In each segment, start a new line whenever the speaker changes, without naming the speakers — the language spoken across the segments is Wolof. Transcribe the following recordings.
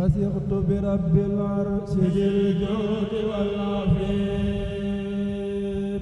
وثقت برب العرش ذي الجود والعافير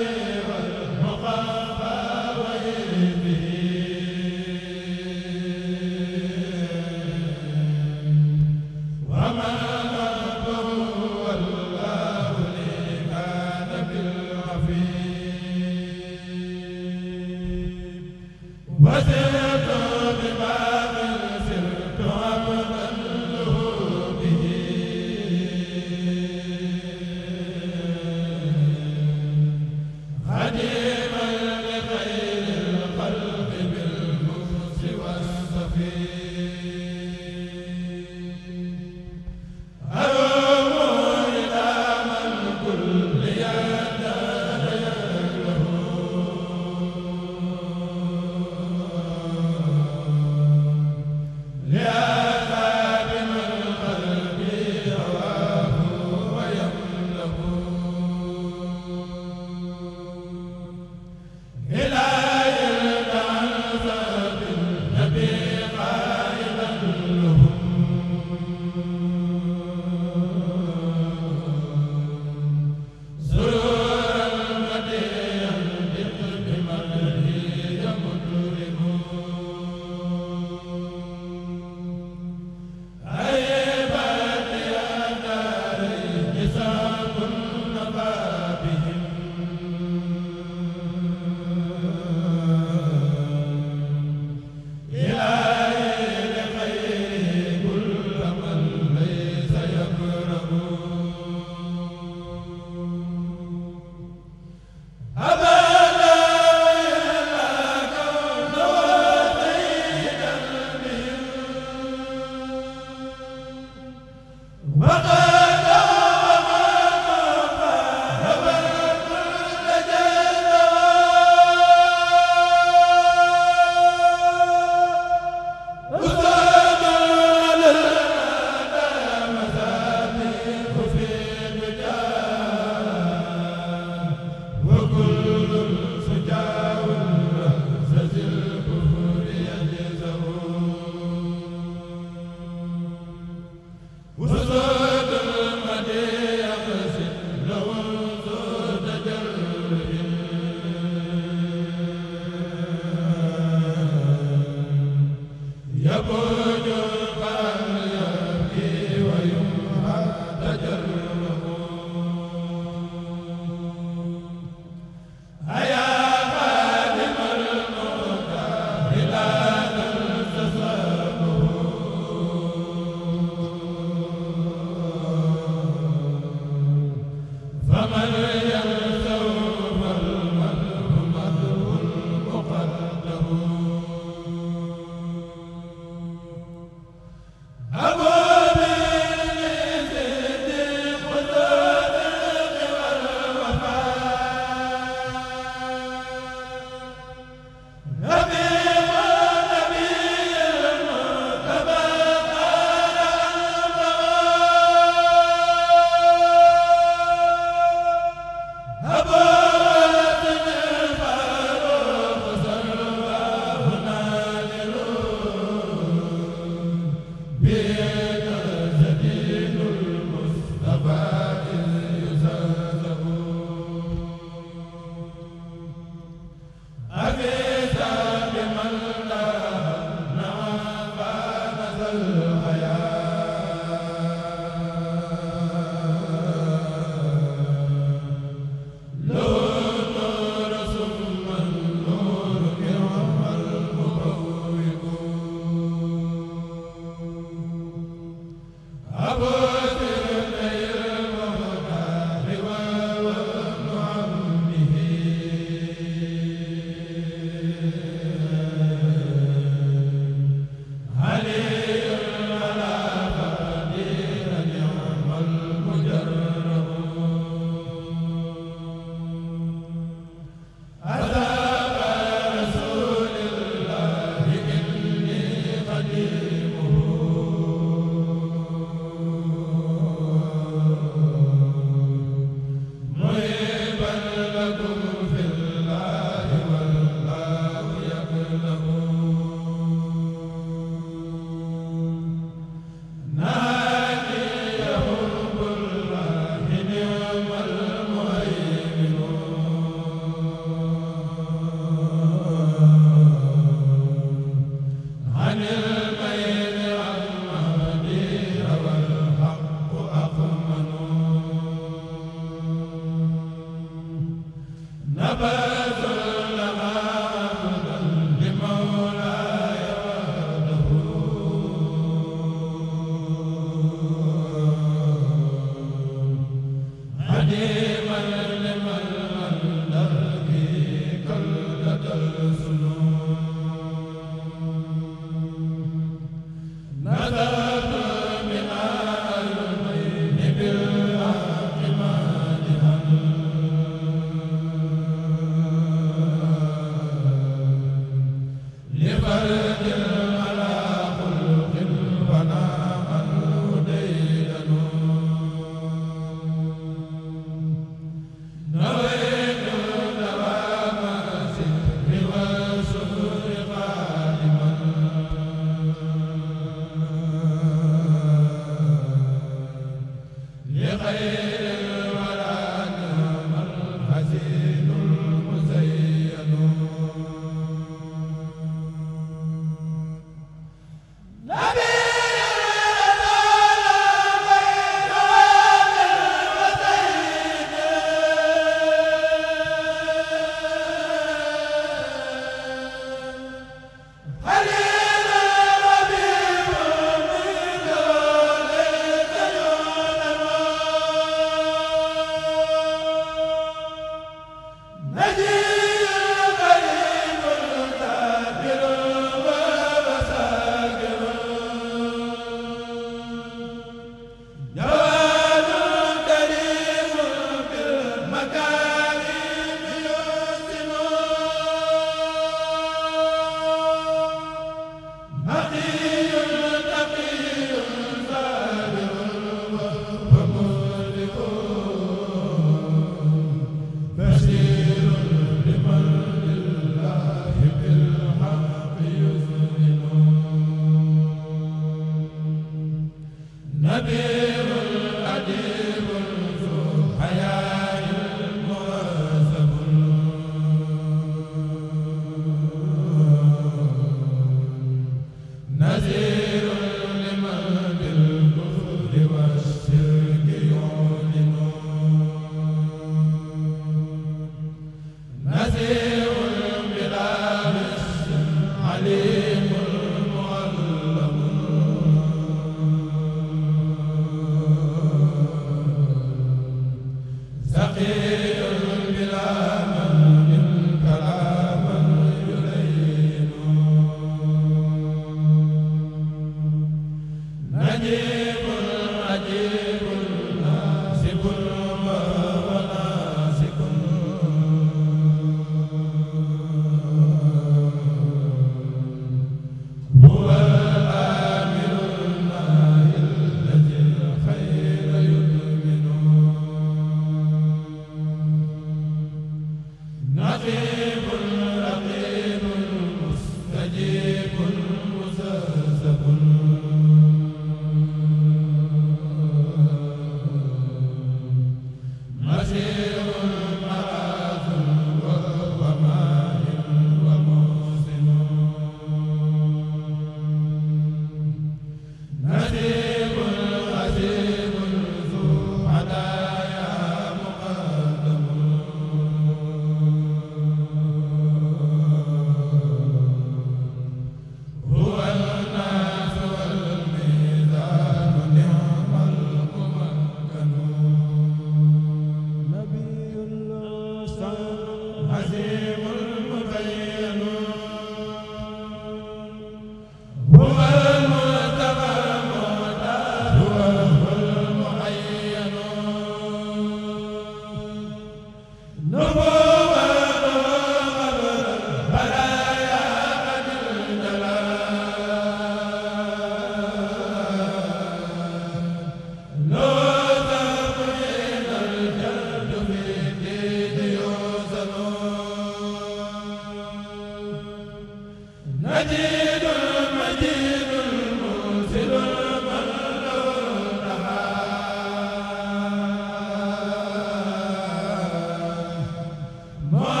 ma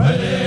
waaw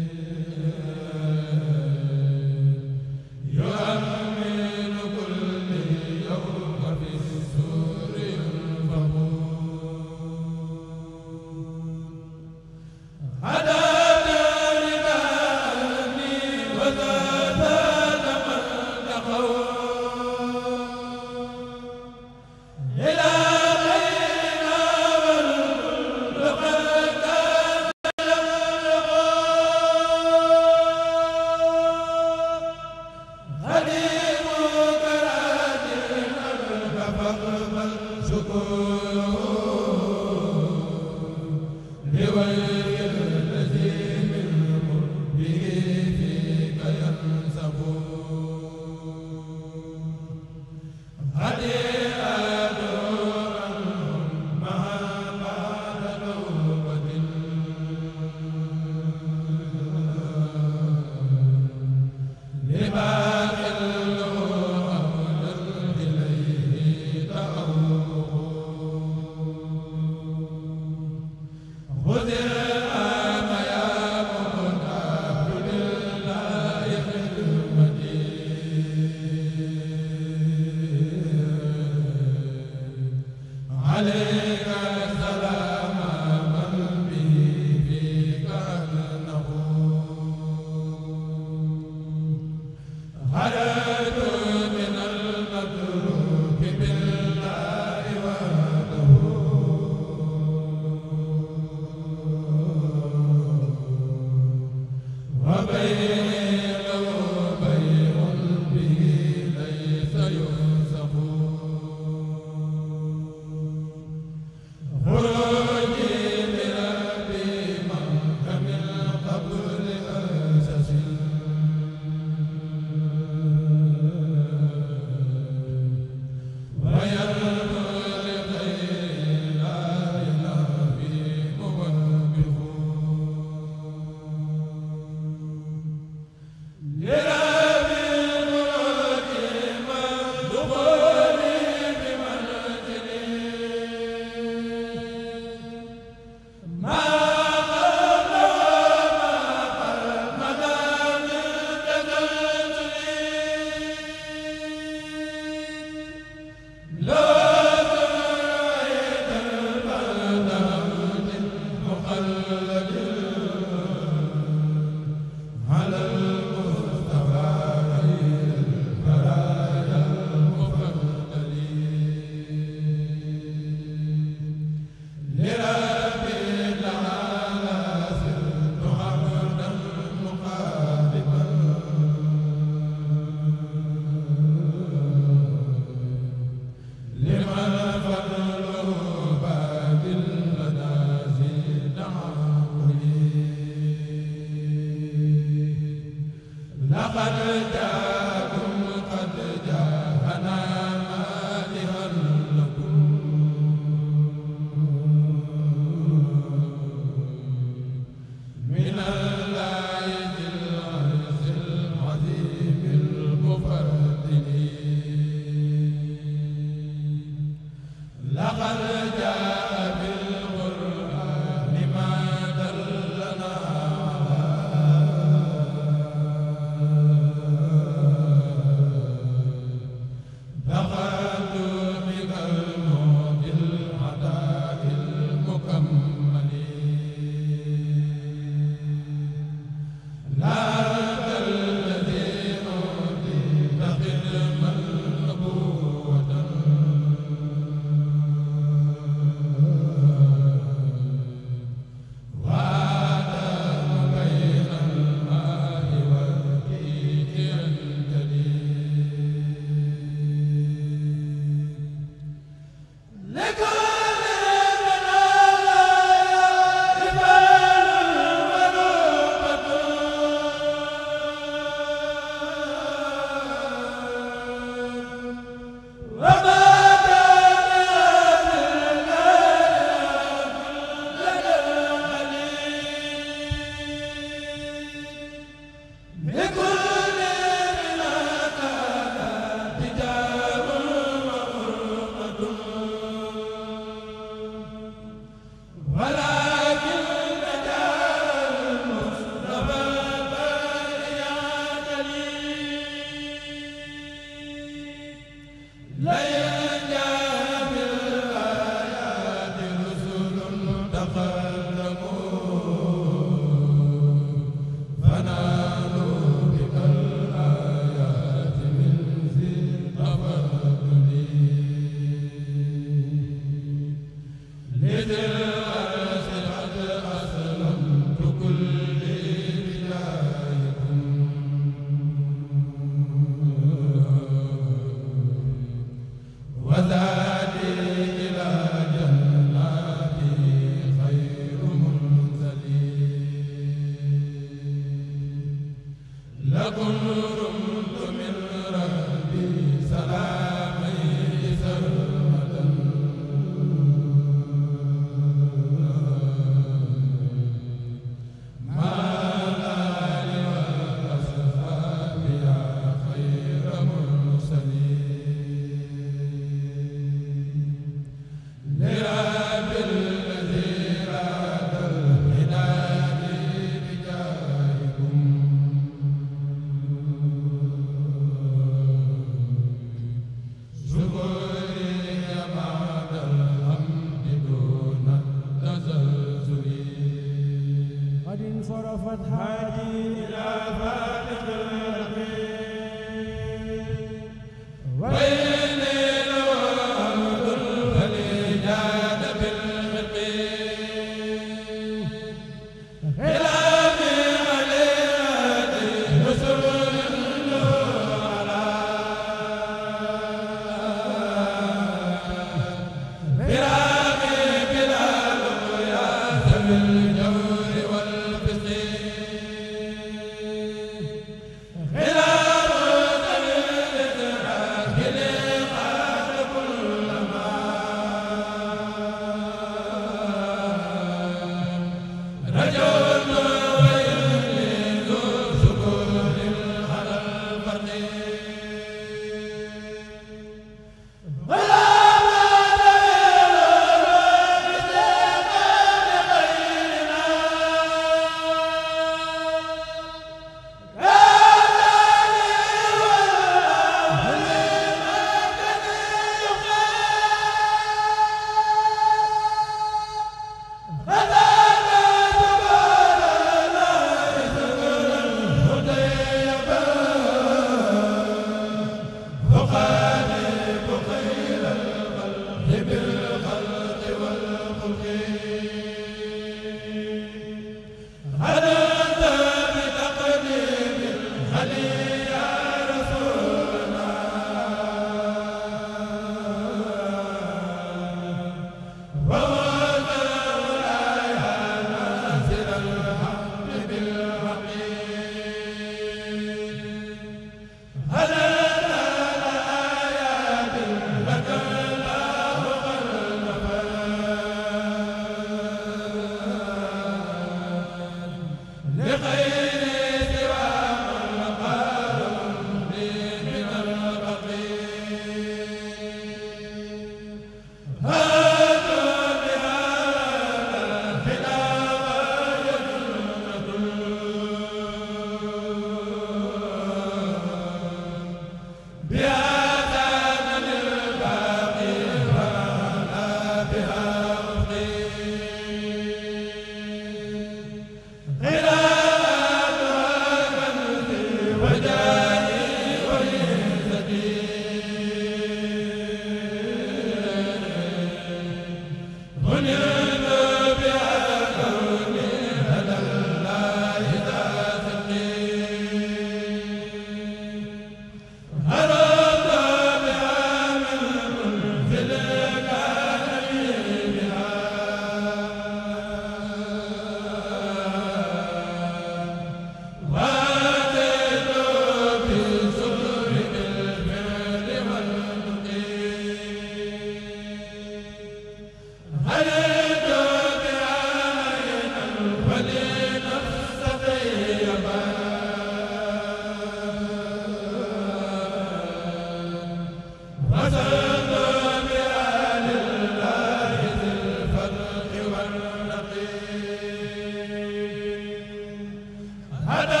hada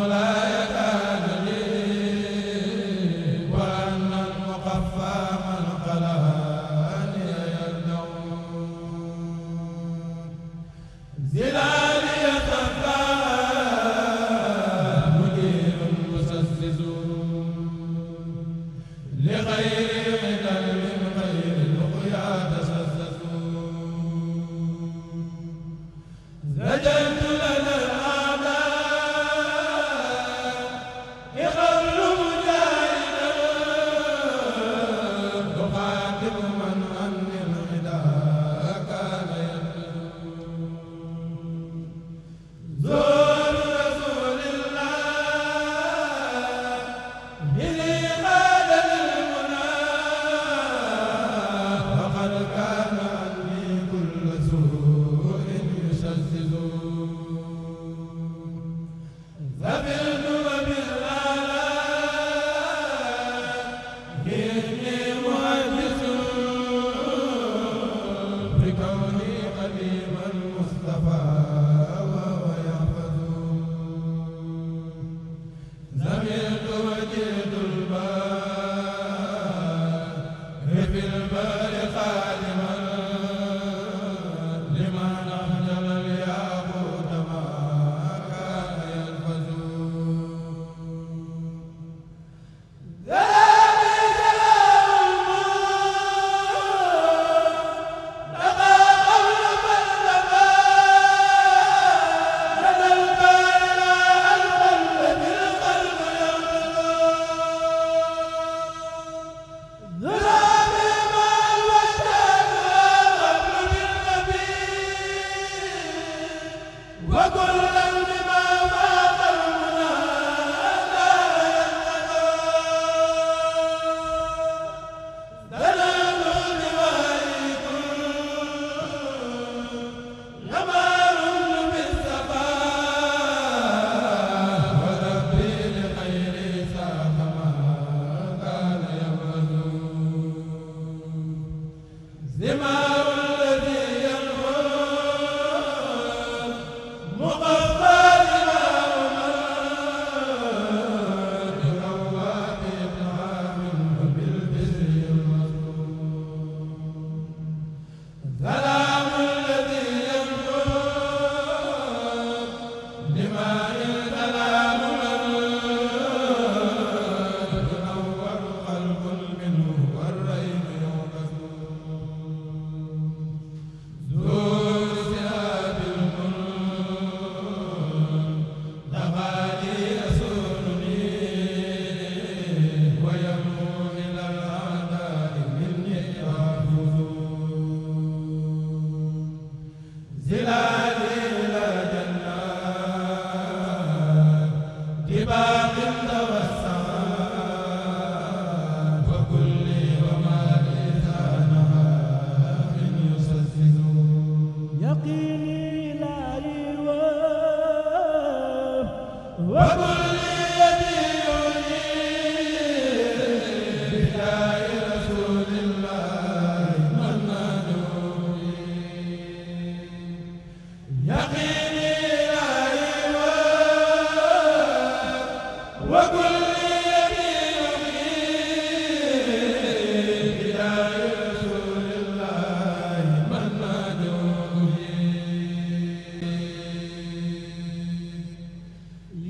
mawla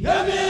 Yami